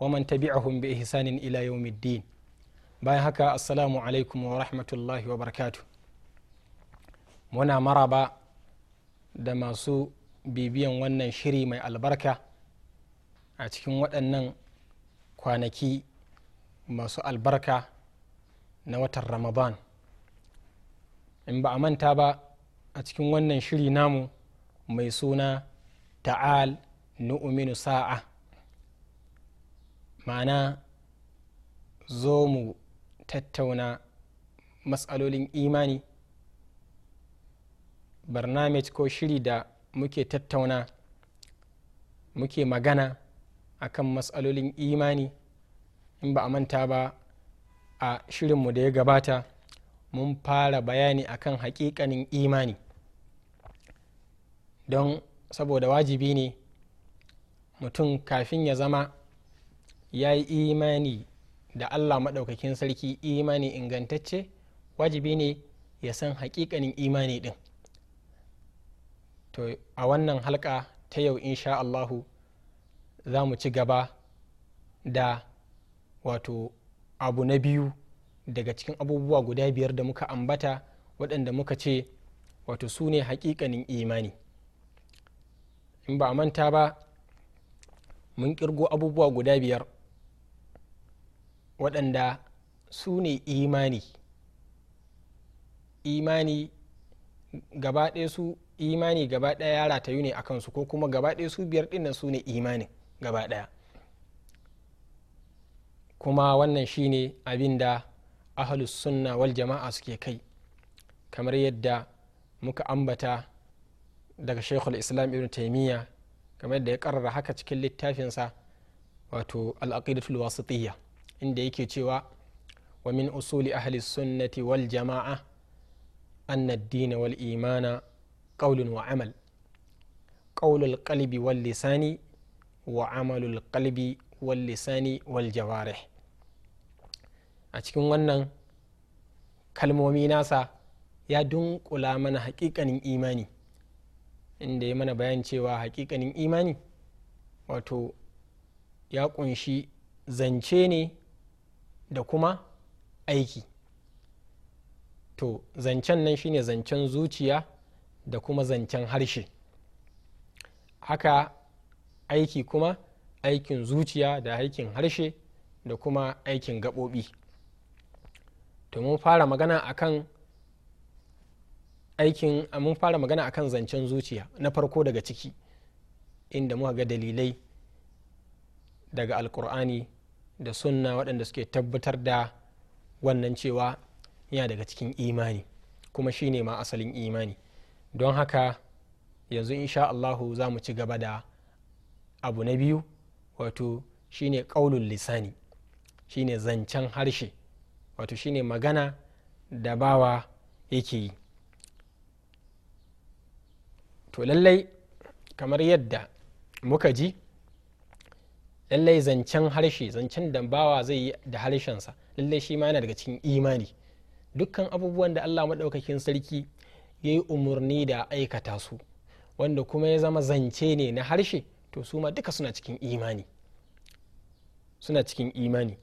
wa man tabi'ahum bi ihsanin ila yawmiddin bayan haka assalamu alaikum wa rahmatullahi wa barakatu muna maraba da masu bibiyan wannan shiri mai albarka a cikin waɗannan kwanaki masu albarka na watan ramadan in ba a manta ba a cikin wannan shiri namu mai suna ta'al nu'uminu sa'a ma'ana zo mu tattauna matsalolin imani barnamej ko shiri da muke tattauna muke magana akan matsalolin imani in ba a manta ba a shirinmu da ya gabata mun fara bayani akan hakikanin imani don saboda wajibi ne mutum kafin ya zama ya yi imani da allah maɗaukakin sarki imani ingantacce wajibi ne ya san haƙiƙanin imani ɗin to a wannan halka ta yau insha allahu za mu ci gaba da wato abu na biyu daga cikin abubuwa guda biyar da muka ambata waɗanda muka ce wato su ne hakikanin imani in ba a manta ba mun kirgo abubuwa guda biyar waɗanda su ne imani imani gaba ɗaya su imani gaba ɗaya ya ratayu ne a kansu ko kuma gaba su biyar ɗin su ne imanin gaba ɗaya kuma wannan shi ne abin da ahalus sunna wal jama'a suke kai kamar yadda muka ambata daga shekul islam ibn taimiyya kamar yadda ya karara haka cikin littafinsa wato al'aqidatul wasitiyya inda yake cewa wa min usuli ahli sunnati wal jama'a anna ad-din wal imana qawlun wa amal qawlul qalbi wal lisani wa amalul qalbi wal lisani wal jawarih a cikin wannan kalmomi nasa ya dunkula mana hakikanin imani inda ya mana bayan cewa hakikanin imani wato ya kunshi zance ne da kuma aiki to zancen nan shine zancen zuciya da kuma zancen harshe haka aiki kuma aikin zuciya da aikin harshe da kuma aikin gaɓoɓi to mun fara magana akan aikin mun fara magana akan zancen zuciya na farko daga ciki inda muka ga dalilai daga alkur'ani da sunna waɗanda suke tabbatar da wannan cewa yana daga cikin imani kuma shi ne ma asalin imani don haka yanzu insha Allahu za mu ci gaba da abu na biyu wato shine ƙaulun lisani ne zancen harshe wato shi ne magana da bawa yake yi to lallai kamar yadda muka ji lallai zancen harshe zancen da bawa zai yi da harshensa lallai shi ma yana daga cikin imani dukkan abubuwan da allah maɗaukakin sarki ya yi umarni da aikata su wanda kuma ya zama zance ne na harshe to su ma duka suna cikin imani suna cikin imani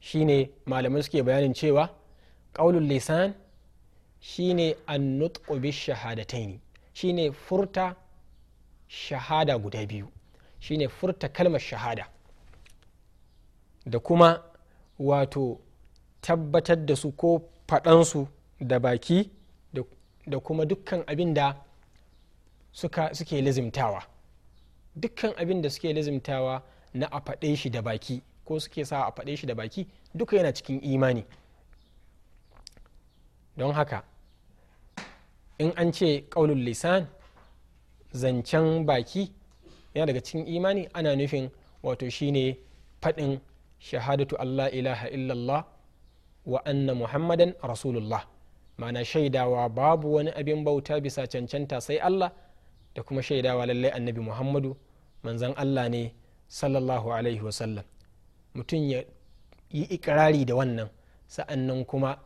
shine malamai suke bayanin cewa ƙaunin lisan shine an nutqu bi shahadataini shine furta shahada guda biyu shine furta kalmar shahada da kuma wato tabbatar da su ko faɗansu da baki da kuma dukkan abin da suke lazimtawa dukkan abin da suke lazimtawa na a faɗe shi da baki ko suke sa a faɗe shi da baki duka yana cikin imani don haka in an ce ƙaunin lisan zancen baki yana daga cikin imani ana nufin wato shine faɗin shahadatu allah ilaha illallah wa anna muhammadan rasulullah mana shaidawa babu wani abin bauta bisa cancanta sai allah da kuma shaidawa lallai annabi muhammadu manzan allah ne sallallahu alaihi wasallam mutum ya yi ikirari da wannan sa'annan kuma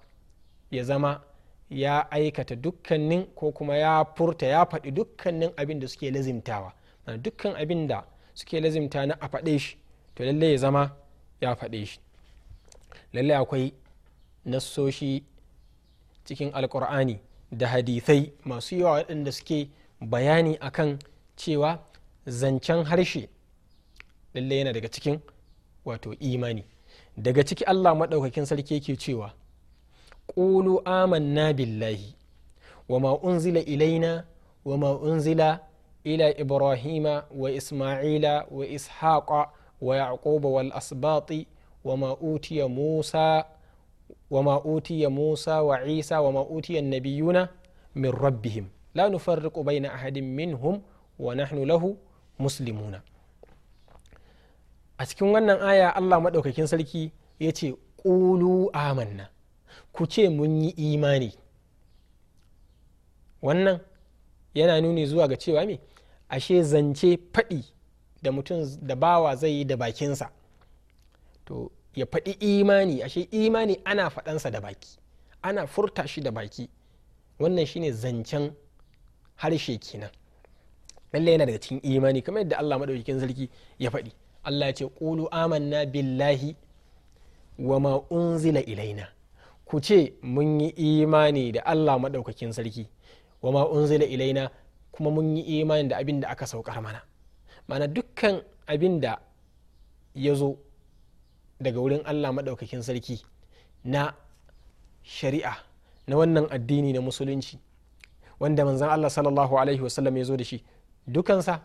ya zama ya aikata dukkanin ko kuma ya furta ya faɗi dukkanin abin da suke lazimtawa dukkan abin da suke lazimta na a faɗe shi to lallai ya zama ya faɗe shi lallai akwai nassoshi cikin alkur'ani da hadithai masu yawa waɗanda suke bayani akan cewa zancen harshe lallai yana daga cikin wato imani daga ciki allah maɗaukakin sarki yake cewa ƙulu amanna billahi wa ma unzila ilaina wa ma unzila إلى إبراهيم وإسماعيل وإسحاق ويعقوب والأسباط وما أوتي موسى وما أوتي موسى وعيسى وما أوتي النبيون من ربهم لا نفرق بين أحد منهم ونحن له مسلمون a cikin wannan aya allah maɗaukakin sarki ya ce ƙulu amanna ku ce mun yi imani wannan yana nuni zuwa ga cewa me ashe zance faɗi da mutum da bawa zai yi da bakinsa to ya faɗi imani ashe imani ana faɗansa da baki ana furta shi da baki wannan shine zancen harshe kenan lalle yana daga cikin imani kamar yadda Allah madaukakin sarki ya faɗi Allah ya ce qulu amanna billahi wa ma unzila ilaina ku ce mun yi imani da Allah madaukakin sarki wa ma unzila ilaina kuma mun yi imani da abin da aka saukar mana mana dukkan abin da ya zo daga wurin allah maɗaukakin sarki na shari'a na wannan addini na musulunci wanda manzan allah sallallahu alaihi wasallam ya zo da shi dukansa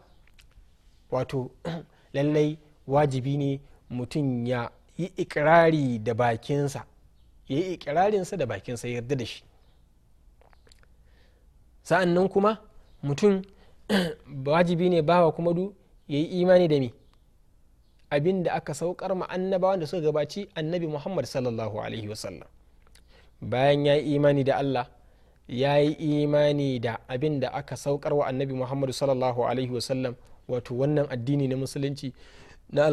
wato lallai wajibi ne mutum ya yi ikirari da bakinsa ya yi ikirarinsa da bakinsa ya yarda da shi sa'an nan kuma mutum wajibi ne bawa kuma du ya yi imani da mi abin da aka saukar ma annabawan da suka gabaci annabi muhammad sallallahu alaihi wasallam bayan ya yi imani da allah ya yi imani da abin da aka saukar wa annabi muhammad sallallahu alaihi wasallam wato wannan addini na musulunci na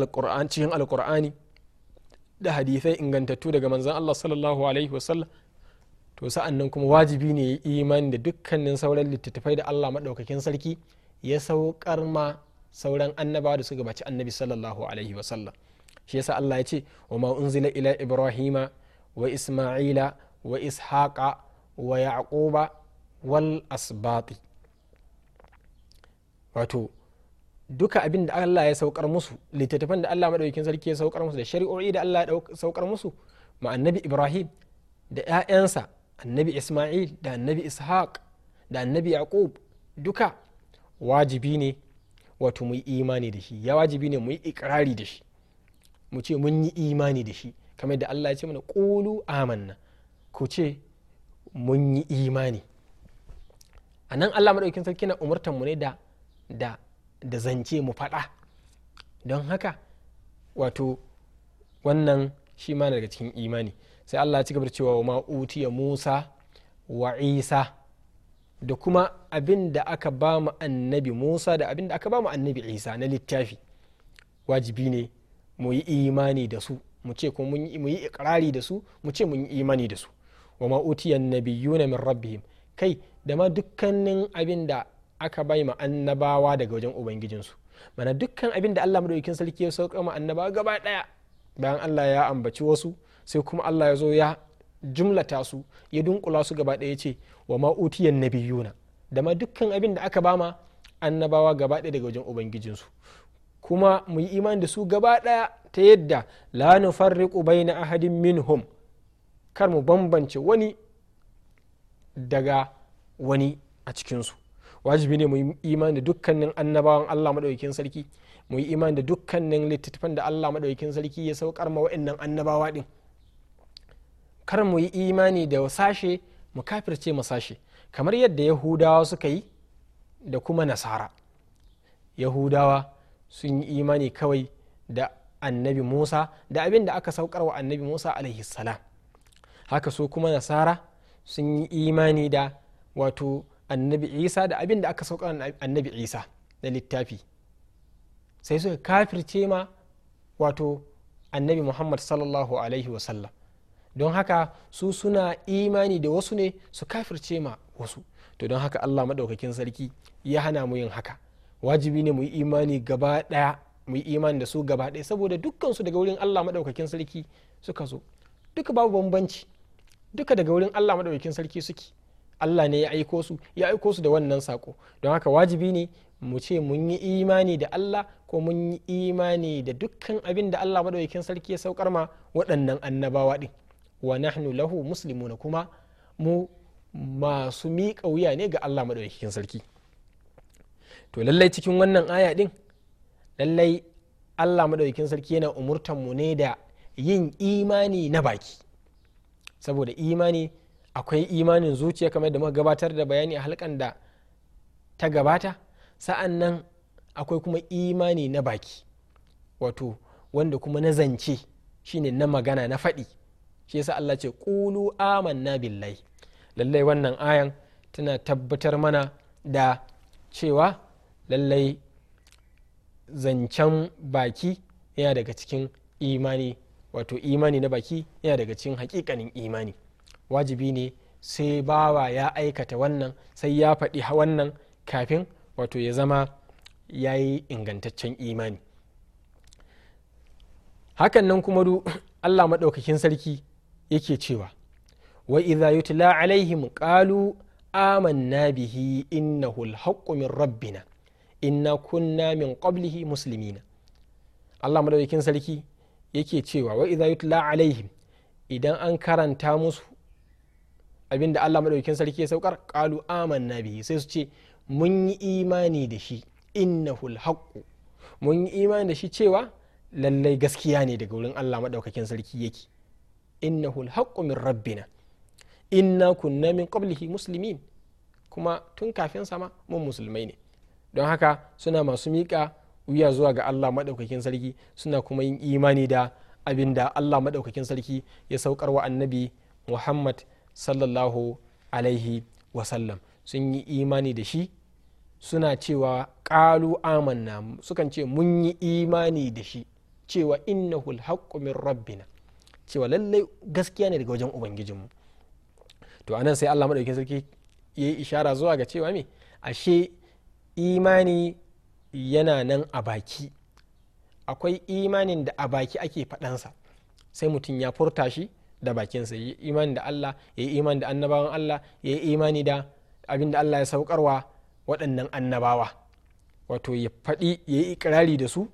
cikin alkur'ani da hadithai ingantattu daga manzan allah sallallahu alaihi wasallam to sa'an nan kuma wajibi ne ya iman da dukkanin sauran littattafai da allah maɗaukakin sarki ya saukar ma sauran annabawa da suka baci annabi sallallahu alaihi wasallam shi yasa allah ya ce wa ma unzila ila ibrahima wa isma'ila wa ishaqa wa yaquba wal asbati wato duka abin da Allah ya saukar musu littattafan da Allah madaukakin sarki ya saukar musu da shari'o'i da Allah ya saukar musu ma annabi Ibrahim da 'ya'yansa annabi isma'il da annabi ishaq da annabi yaqub duka wajibi ne wato mu yi imani da shi ya wajibi ne mu yi ikirari da shi mu ce mun yi imani da shi kamar da Allah ya ce mana qulu amanna ku ce mun yi imani a nan Allah madaukakin sarki na umurtar mu ne da da da zance mu faɗa don haka wato wannan shi ma daga cikin imani sai allah ci gaba cewa ma utiya musa wa isa da kuma abin da aka ba mu annabi musa da abin da aka ba mu annabi isa na littafi wajibi ne mu yi imani da su mu ce ko mu yi ikrari da su mu ce mun yi imani da su wa ma utiya nabiyuna min rabbihim kai da ma dukkanin abin da aka bai ma annabawa daga wajen su mana dukkan abin da Allah madaukakin sarki ya sauka ma annabawa gaba daya bayan Allah ya ambaci wasu sai kuma allah ya zo ya jumlata su ya dunkula su gaba ɗaya ce wa ma'utiyan na da ma dukkan abin da aka bama annabawa gaba ɗaya daga wajen ubangijinsu kuma mu yi imani da su gaba ɗaya ta yadda la bai baina ahadin minhum kar mu bambance wani daga wani a cikinsu wajibi ne mu yi imani da dukkanin annabawan Allah maɗaukin sarki mu yi imani da dukkanin littattafan da Allah maɗaukin sarki ya saukar ma wa'annan annabawa ɗin. kar mu yi imani da sashe mu kafirce mu sashe kamar yadda yahudawa suka yi da kuma nasara yahudawa sun yi imani kawai da annabi musa da abin da aka saukar wa annabi musa alaihi salam haka su kuma nasara sun yi imani da wato annabi isa da abin da aka saukar annabi isa da littafi sai suka kafirce ma wato annabi muhammad sallallahu alaihi wasallam don haka su suna imani da wasu ne su kafirce ma wasu to don haka allah maɗaukakin sarki ya hana mu yin haka wajibi ne mu yi imani gaba ɗaya mu yi imani da su gaba ɗaya saboda dukkansu daga wurin allah maɗaukakin sarki suka zo duka babu bambanci duka daga wurin allah maɗaukakin sarki suke allah ne ya aiko su ya aiko su da wannan sako don haka wajibi ne mu ce mun yi imani da allah ko mun yi imani da dukkan abin da allah maɗaukakin sarki ya saukar ma waɗannan annabawa ɗin wa nahnu lahu muslimuna kuma mu masu miƙa wuya ne ga Allah maɗaukakin sarki to lallai cikin wannan aya ɗin lallai Allah maɗaukakin sarki yana umurtan mu ne da yin imani na baki saboda imani akwai imanin zuciya kamar da muka gabatar da bayani a halkan da ta gabata sa'an nan akwai kuma imani na baki wato wanda kuma na zance shine na magana na faɗi shi yasa Allah ce kulu amanna billahi lallai wannan ayan tana tabbatar mana da cewa lallai zancen baki yana daga cikin imani wato imani na baki yana daga cikin hakikanin imani wajibi ne sai bawa ya aikata wannan sai ya faɗi wannan kafin wato ya zama ya yi ingantaccen imani hakan nan kuma du allah maɗaukakin sarki yake cewa wa idza yutla alaihim qalu amanna bihi innahu alhaqqu min rabbina inna kunna min qablihi muslimina Allah madaukakin sarki yake cewa wa idza yutla alaihim idan an karanta musu abinda Allah madaukakin sarki ya saukar qalu amanna bihi sai su ce mun yi imani da shi innahu alhaqqu mun yi imani da shi cewa lallai gaskiya ne daga wurin Allah madaukakin sarki yake innahu alhaqqu min rabbina inna kunna min qablihi muslimin kuma tun kafin sama mun musulmai ne don haka suna masu miƙa wuya zuwa ga Allah maɗaukakin sarki suna kuma yin imani da abinda Allah maɗaukakin sarki ya saukar wa annabi Muhammad sallallahu alaihi wasallam sun yi imani da shi suna cewa ƙalu amanna sukan ce mun yi imani da shi cewa innahul haqqu min rabbina cewa lallai gaskiya ne daga wajen ubangijinmu to anan sai allah maɗauki sarki ya yi ishara zuwa ga cewa me ashe imani yana nan a baki akwai imanin da a baki ake faɗansa sai mutum ya furta shi da bakinsa ya imani da allah ya yi imani da annabawan allah ya yi imani da abin da allah ya saukarwa waɗannan annabawa wato ya faɗi ya yi ikirari da su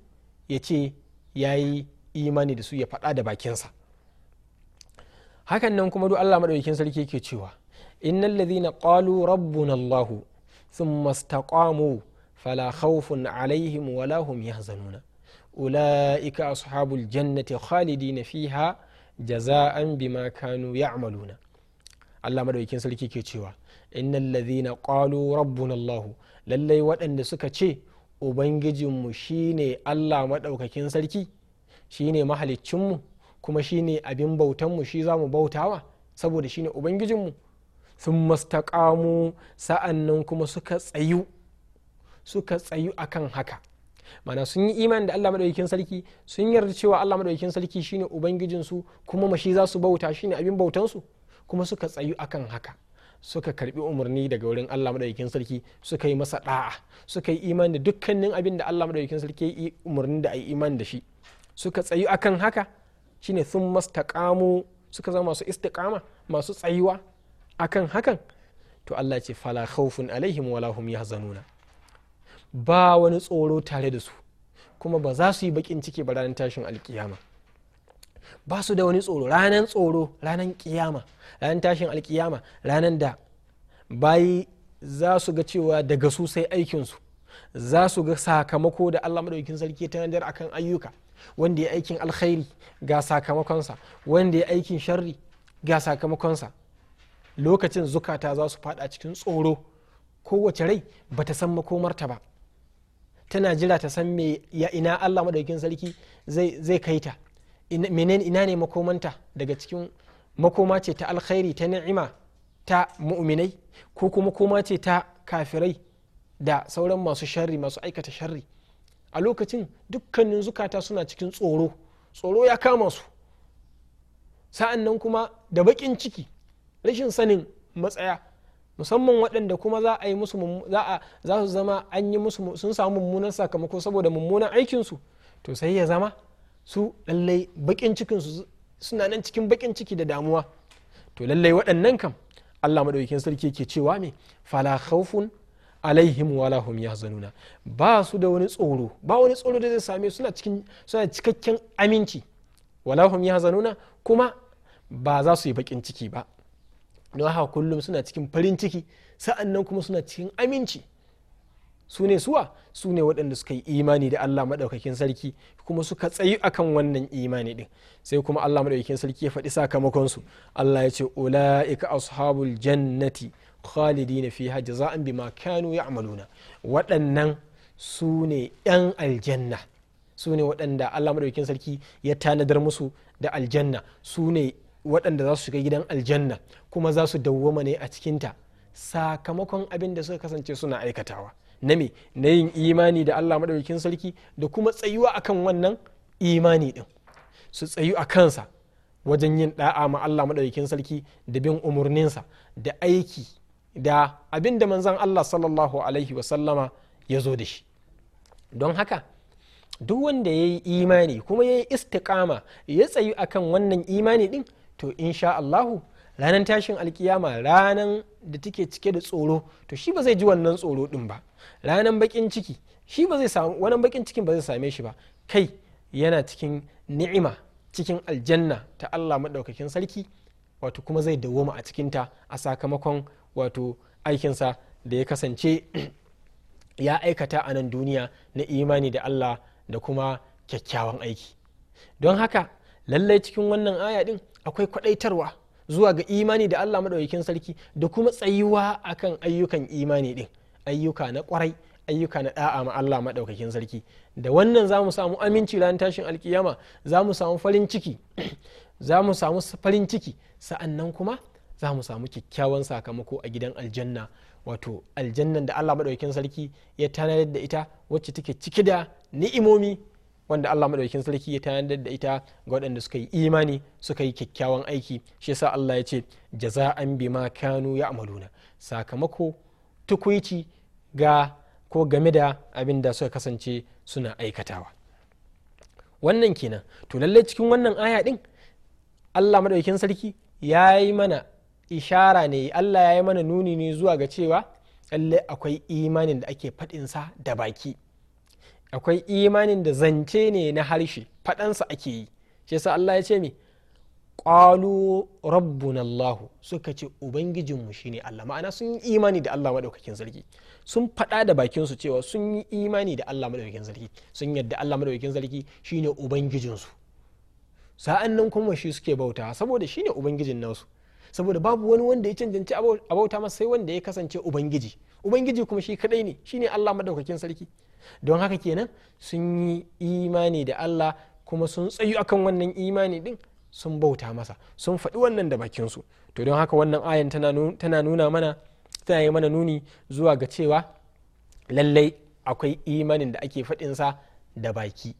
ya ce ya yi imani da su ya faɗa da bakinsa hakan nan kuma duk Allah madaukakin sarki yake cewa innal ladhina qalu rabbuna Allah thumma istaqamu fala khawfun alaihim wala hum yahzanuna ulaika ashabul jannati khalidina fiha jaza'an bima kanu ya'maluna Allah madaukakin sarki ke cewa innal ladhina qalu rabbuna Allah lallai waɗanda suka ce ubangijinmu shine Allah madaukakin sarki shine mahaliccinmu kuma shi ne abin bautanmu shi za mu bautawa saboda shi ne ubangijinmu sun sa’an sa'annan kuma suka tsayu suka tsayu akan haka mana sun yi imani da Allah madaukakin sarki sun yarda cewa Allah madaukakin sarki shine ubangijinsu kuma mashi za su bauta shine abin bautansu kuma suka tsayu akan haka suka karbi umarni daga wurin Allah madaukakin sarki suka yi masa ɗa'a suka yi imani da dukkanin abin da Allah madaukakin sarki ya yi umarni da a yi imani da shi suka tsayu akan haka shine sun mastaqamu suka zama masu istiqama masu tsayuwa akan hakan to Allah ce fala khawfun alaihim wala hum yahzanuna ba wani tsoro tare da su kuma ba za su yi bakin ciki ba ranar tashin alkiyama ba su da wani tsoro ranar tsoro ranar kiyama ranar tashin alkiyama ranar da bayi za su ga cewa daga su sai aikinsu za su ga sakamako da allah maɗaukin sarki ta nadar akan ayyuka wanda ya aikin alkhairi ga sakamakonsa wanda ya aikin sharri ga sakamakonsa lokacin zukata za su fada cikin tsoro kowace rai ba ta san makomarta ba tana jira ta san me ya ina Allah madaukin sarki zai kai ta menen ina ne makomanta daga cikin makoma ce ta alkhairi ta ni'ima ta mu'minai ko kuma koma ce ta kafirai da sauran masu sharri masu aikata sharri a lokacin dukkanin zukata suna cikin tsoro tsoro ya kama su sa'an nan kuma da baƙin ciki rashin sanin matsaya musamman waɗanda kuma za a yi musu za su zama an yi musu sun samu mummunan sakamako saboda mummunan aikinsu to sai ya zama su lallai baƙin cikinsu suna nan cikin baƙin ciki da damuwa to lallai waɗannan kam allah maɗaukin sarki ke cewa me fala khawfun alaihim wala hum yahzanuna ba su da wani tsoro ba wani tsoro da zai same suna suna cikakken aminci wala hum yahzanuna kuma ba za su yi bakin ciki ba don haka kullum suna cikin farin ciki sa'an nan kuma suna cikin aminci su ne suwa su ne waɗanda suka yi imani da Allah maɗaukakin sarki kuma suka tsayi akan wannan imani ɗin sai kuma Allah maɗaukakin sarki ya faɗi sakamakonsu Allah ya ce ula'ika ashabul jannati khalidina fiha jaza'an ma kanu ya'maluna waɗannan su ne 'yan aljanna su ne waɗanda Allah maɗaukin sarki ya tanadar musu da aljanna su ne waɗanda za su shiga gidan aljanna kuma za su dawwama ne a cikinta sakamakon abin da suka kasance suna aikatawa na me na yin imani da Allah maɗaukin sarki da kuma tsayuwa akan wannan imani ɗin su tsayu a kansa wajen yin da'a ma Allah maɗaukin sarki da bin umarninsa da aiki da abin da manzan Allah sallallahu alaihi wasallama ya zo da shi don haka duk wanda ya yi imani kuma ya yi istiƙama ya tsayi akan wannan imani ɗin to insha Allahu ranar tashin alkiyama ranar da take cike da tsoro to shi ba zai ji wannan tsoro din ba ranar bakin ciki shi ba zai samu wannan bakin cikin ba zai same shi ba kai yana cikin ni'ima cikin aljanna ta Allah maɗaukakin sarki wato kuma zai dawoma a cikinta a sakamakon wato aikinsa da ya kasance ya aikata a nan duniya na imani da Allah da kuma kyakkyawan aiki don haka lallai cikin wannan aya din akwai kwadaitarwa zuwa ga imani da Allah maɗaukakin sarki da kuma tsayuwa akan ayyukan imani din ayyuka na kwarai ayyuka na da'a ma Allah maɗaukakin sarki da wannan za mu samu aminci ran tashin alkiyama za mu samu farin ciki za mu samu farin ciki sa'annan kuma za mu samu kyakkyawan sakamako a gidan aljanna wato aljannan da allah maɗaukin sarki ya tanadar da ita wacce take ciki da ni'imomi wanda allah maɗaukin sarki ya tanadar da ita ga waɗanda suka yi imani suka yi kyakkyawan aiki shi yasa allah ya ce jaza'an ma kanu ya amaluna sakamako tukuici ga ko game da abin da suka kasance suna aikatawa wannan kenan to lallai cikin wannan aya ɗin allah maɗaukin sarki ya yi mana ishara ne Allah ya yi mana nuni ne zuwa ga cewa lalle akwai imanin da ake faɗinsa da baki akwai imanin da zance ne na harshe faɗansa ake yi shi yasa Allah ya ce mi qalu rabbuna Allah suka ce ubangijinmu shine Allah ma'ana sun yi imani da Allah madaukakin sarki sun faɗa da bakin su cewa sun yi imani da Allah madaukakin sarki sun yadda Allah madaukakin sarki shine ubangijinsu sa'an nan kuma shi suke bauta saboda shine ubangijin nasu saboda babu wani wanda ya cancanci bauta masa sai wanda ya kasance ubangiji ubangiji kuma shi kadai ne shine Allah madaukakin sarki don haka kenan sun yi imani da Allah kuma sun tsayu akan wannan imani din sun bauta masa sun faɗi wannan da bakinsu to don haka wannan ayan tana nuna mana tana yi mana nuni zuwa ga cewa lallai akwai imanin da ake faɗinsa da baki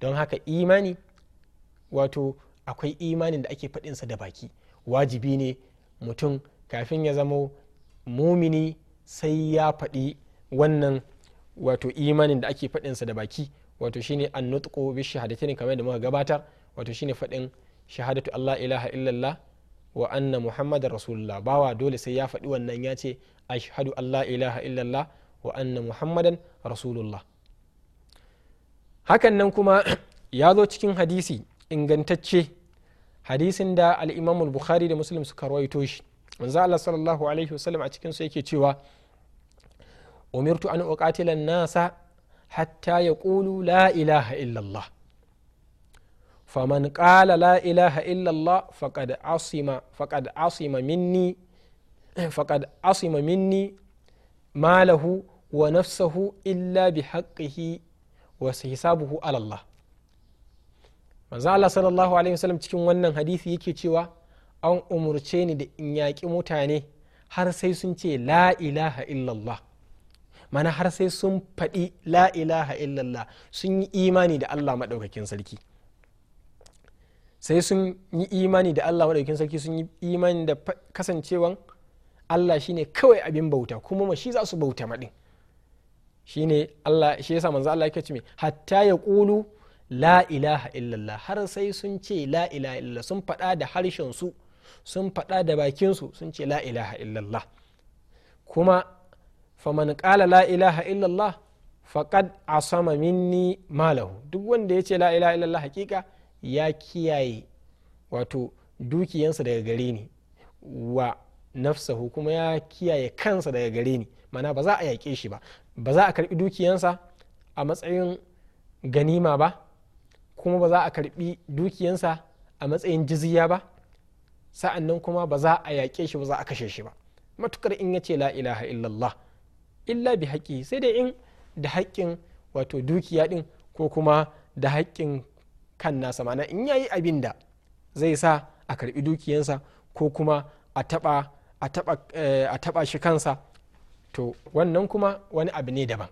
don haka imani wato akwai imanin da ake faɗinsa da baki wajibi ne mutum kafin ya zama mumini sai ya faɗi wannan wato imanin da ake faɗinsa da baki wato shine an nutko bi shahadatin kamar da muka gabatar wato shine faɗin shahadatu Allah ilaha illallah wa anna muhammadar rasulullah bawa dole sai ya faɗi wannan ya ce ashhadu Allah ilaha illallah wa anna muhammadan rasulullah hakan nan kuma ya zo cikin hadisi ingantacce hadisin da al-imam al-bukhari da muslim suka rawaito shi manzo Allah sallallahu alaihi wasallam a cikin su yake cewa umirtu an uqatila nasa hatta yaqulu la ilaha illallah faman qala la ilaha illallah faqad asima faqad asima minni faqad asima minni malahu wa nafsahu illa bihaqqihi wa hisabuhu ala Allah manzo Allah sallallahu alaihi wasallam cikin wannan hadisi yake cewa an umurce ni da in yaƙi mutane har sai sun ce la ilaha illallah mana har sai sun faɗi la ilaha illallah sun yi imani da Allah maɗaukakin sarki sai sun yi imani da Allah maɗaukakin sarki sun yi imani da kasancewan Allah shine kawai abin bauta kuma ma shi za su bauta maɗin shine Allah shi yasa manzo Allah yake ce hatta ya ƙulu la ilaha illallah har sai sun ce la ilaha illallah sun faɗa da harshen su sun faɗa da bakinsu sun ce la ilaha illallah kuma faman ƙala la ilaha illallah faƙad sama minni malahu duk wanda ya ce la ilaha illallah hakika ya kiyaye wato dukiyansa daga gare ni wa nafsahu kuma ya kiyaye kansa daga gare ni mana ba za a yaƙe shi ba ba za a karɓi dukiyansa a matsayin ganima ba kuma ba za a karbi dukiyansa a matsayin jiziya ba sa'an nan kuma ba za a yaƙe shi ba za a kashe shi ba matukar in ya ce la ilaha illallah illa bi haƙƙi sai dai in da haƙƙin wato dukiya ɗin ko kuma da haƙƙin kan nasa mana in yayi abin da zai sa a karbi dukiyansa ko kuma eh, a taɓa shi kansa to wannan kuma wani abu ne daban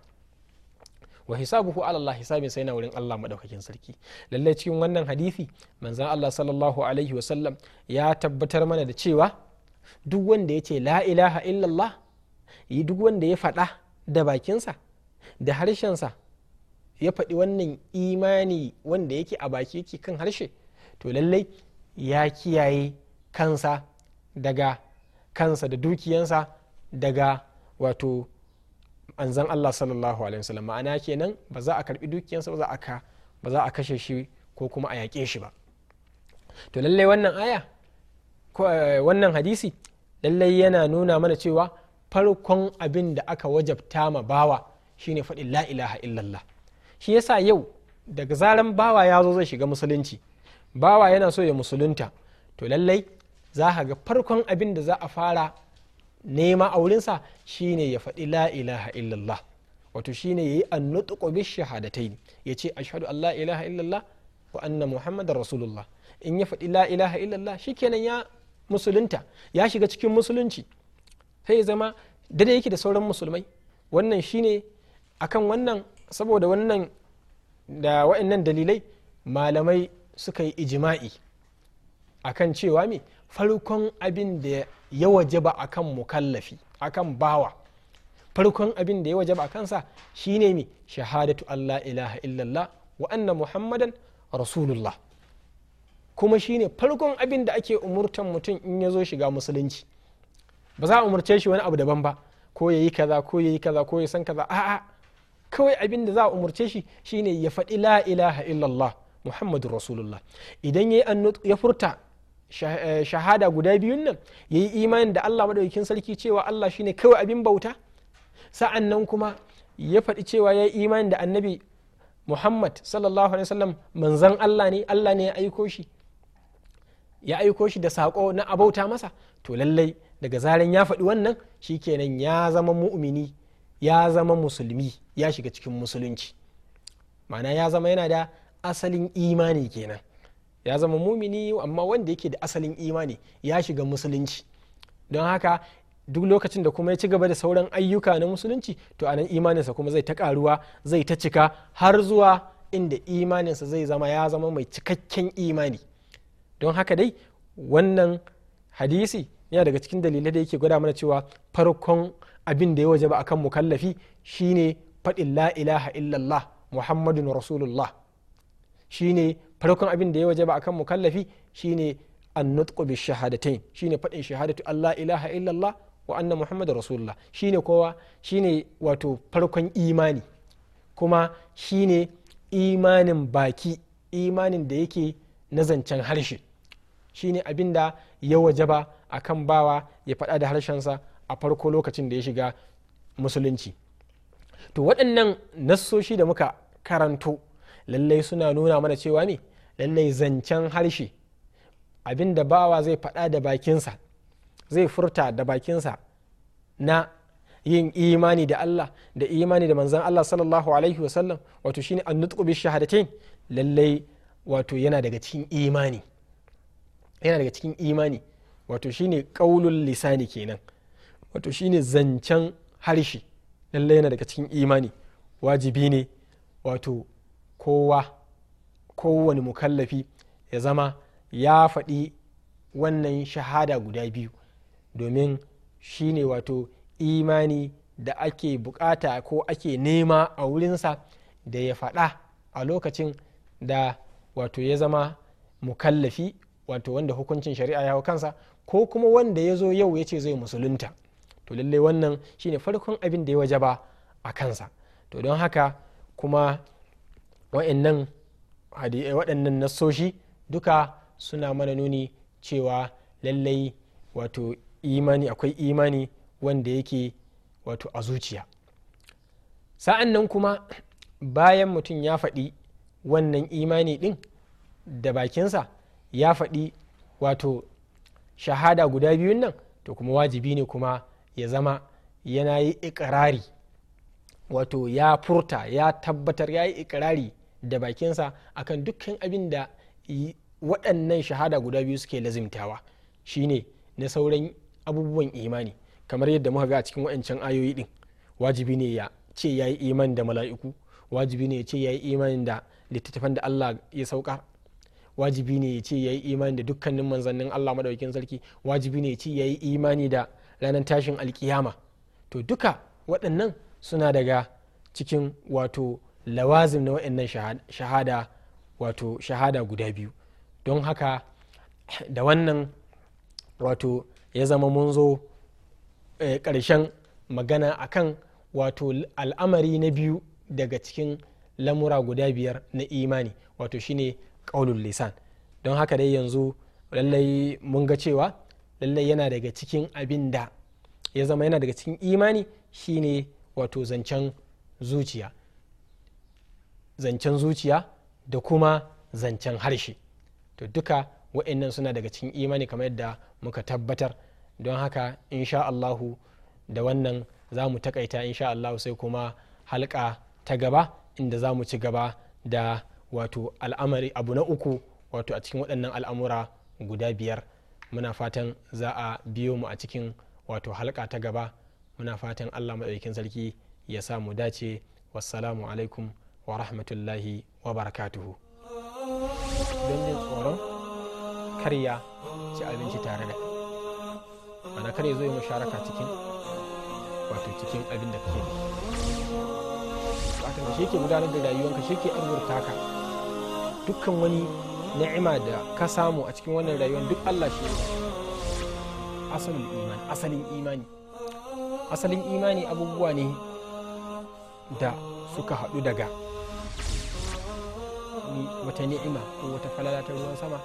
wa hisabuhu ala Allah hisabin sai na wurin Allah madaukakin sarki lallai cikin wannan hadisi manzon Allah sallallahu alaihi wa sallam ya tabbatar mana da cewa duk wanda ya ce la ilaha illallah yi duk wanda ya faɗa da bakinsa da harshensa ya faɗi wannan imani wanda yake a baki yake kan harshe to lallai ya kiyaye kansa daga kansa da dukiyansa daga wato anzan Allah sallallahu alaihi wasallam ma'ana kenan ba za a karbi dukiyansa ba za a kashe shi ko kuma a yaƙe shi ba to lallai wannan aya eh, wannan hadisi lallai yana nuna mana cewa farkon abin da aka wajabta ma bawa shine faɗin la ilaha illallah shi yasa yau daga zaran bawa ya zo zai shiga musulunci bawa yana so ya musulunta to lallai za ga farkon abin da za a fara nema a wurinsa shine ya faɗi la ilaha illallah wato shine yayi annutuqu bi shahadatayn yace ashhadu an la ilaha illallah wa anna muhammadar rasulullah in ya faɗi la ilaha illallah shikenan ya musulunta ya shiga cikin musulunci sai ya zama dade yake da sauran musulmai wannan shine akan wannan saboda wannan da wa'annan dalilai malamai suka yi ijima'i akan cewa me farkon abin da ya waje wajaba akan mukallafi akan bawa farkon abin da ya waje ba a kansa shine mi shahadatu Allah ilaha illallah wa anna muhammadan rasulullah kuma shine farkon abin da ake umurtan mutum in ya zo shiga musulunci ba za a umarce shi wani abu daban ba ko ya yi kaza ko ya yi kaza ko ya san kaza a'a kawai abin da za a umarce shi shine ya faɗi la ilaha illallah muhammadu rasulullah idan ya ya furta Eh, shahada guda biyun nan ya yi imanin da Allah maɗaukin sarki cewa Allah shine kawai abin bauta sa'an nan kuma ya faɗi cewa ya yi imanin da annabi Muhammad sallallahu alaihi wasallam manzan Allah ne Allah ne ya aiko shi ya aiko shi da saƙo na abauta masa to lallai daga zaren ya faɗi wannan shi kenan ya zama mu'mini ya zama musulmi ya shiga cikin musulunci ma'ana ya zama yana da asalin imani kenan ya zama mumini amma wanda yake da asalin imani ya shiga musulunci don haka duk lokacin da kuma ya ci gaba da sauran ayyuka na musulunci to anan imaninsa kuma zai ta karuwa zai ta cika har zuwa inda imaninsa zai zama ya zama mai cikakken imani don haka dai wannan hadisi yana daga cikin dalilai da yake gwada mana cewa farkon abin da ya waje ba akan mukallafi shine faɗin la ilaha illallah muhammadun rasulullah shine farkon abin da ya waje ba akan mukallafi shine nutqu bi shahadatain shine fadin shahadatu Allah ilaha illallah wa anna muhammadar rasulullah shine kowa shine wato farkon imani kuma shine imanin baki imanin da yake na zancen harshe shine abin da ya waje wajaba akan bawa ya faɗa da harshensa a farko lokacin da ya shiga musulunci to waɗannan nassoshi da muka karanto lallai suna nuna mana cewa ne lallai zancen harshe abin da bawa zai faɗa da bakinsa zai furta da bakinsa na yin imani da Allah da imani da manzan Allah sallallahu alaihi wasallam wato shine an nutqu bi shahadatain lallai wato yana daga cikin imani yana daga cikin imani wato shine qaulul lisani kenan wato shine zancen harshe lallai yana daga cikin imani wajibi ne wato kowa kowane mukallafi ya zama ya faɗi wannan shahada guda biyu domin shi ne wato imani da ake bukata ko ake nema a wurinsa da ya faɗa a lokacin da wato ya zama mukallafi wato wanda hukuncin shari'a ya hau kansa ko kuma wanda ya zo yau ya ce zai musulunta to lallai wannan shi ne farkon abin da ya wajaba a kansa to don haka kuma waɗannan nassoshi duka suna mana nuni cewa lallai wato imani akwai imani wanda yake wato a zuciya sa'an nan kuma bayan mutum ya faɗi wannan imani ɗin da bakinsa ya faɗi wato shahada guda biyun nan to kuma wajibi ne kuma ya zama yana yi ikirari wato ya furta ya tabbatar ya yi ikirari da bakinsa akan dukkan abin da waɗannan shahada guda biyu suke lazimtawa shine na sauran abubuwan imani kamar yadda muka ga a cikin wa'ancan ayoyi din wajibi ne ya ce ya yi iman da mala'iku wajibi ne ya ce ya yi iman da littattafan da Allah ya sauka wajibi ne ya ce ya yi imani da dukkanin manzannin Allah madaukin sarki wajibi ne ya ce ya yi imani da ranar tashin alkiyama to duka waɗannan suna daga cikin wato lawazim na wa'annan shahada wato shahada guda biyu don haka da wannan wato ya zama mun zo eh, ƙarshen magana akan wato al'amari na biyu daga cikin lamura guda biyar na imani wato shine ƙaulul lisan don haka dai yanzu lallai mun ga cewa lallai yana daga cikin abin da ya zama yana daga cikin imani shine wato zancen zuciya zancen zuciya da kuma zancen harshe to duka wa'annan suna daga cikin imani kamar yadda muka tabbatar don haka insha Allahu da wannan za mu takaita insha Allahu sai kuma halka ta gaba inda za mu ci gaba da wato al'amari abu na uku wato a cikin waɗannan al'amura guda biyar muna fatan za a biyo mu a cikin wato halka ta gaba muna fatan allah maɗaukin sarki ya sa mu dace wassalamu alaikum wa rahmatullahi wa barakatuhu don jin tsoron karya ci abinci tare da ana kare zai zo yi musharaka cikin wato cikin abin da kake da shi ke gudanar da rayuwanka shi ke arzurta ka dukkan wani ni'ima da ka samu a cikin wannan rayuwar duk Allah shi asalin imani asalin imani asalin imani abubuwa ne da suka haɗu daga wata ni'ima ko wata falala ta ruwan sama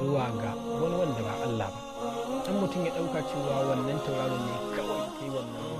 zuwa ga wani wanda ba Allah ba. Can mutum ya ɗauka cewa wannan tauraron ne kawai ke wannan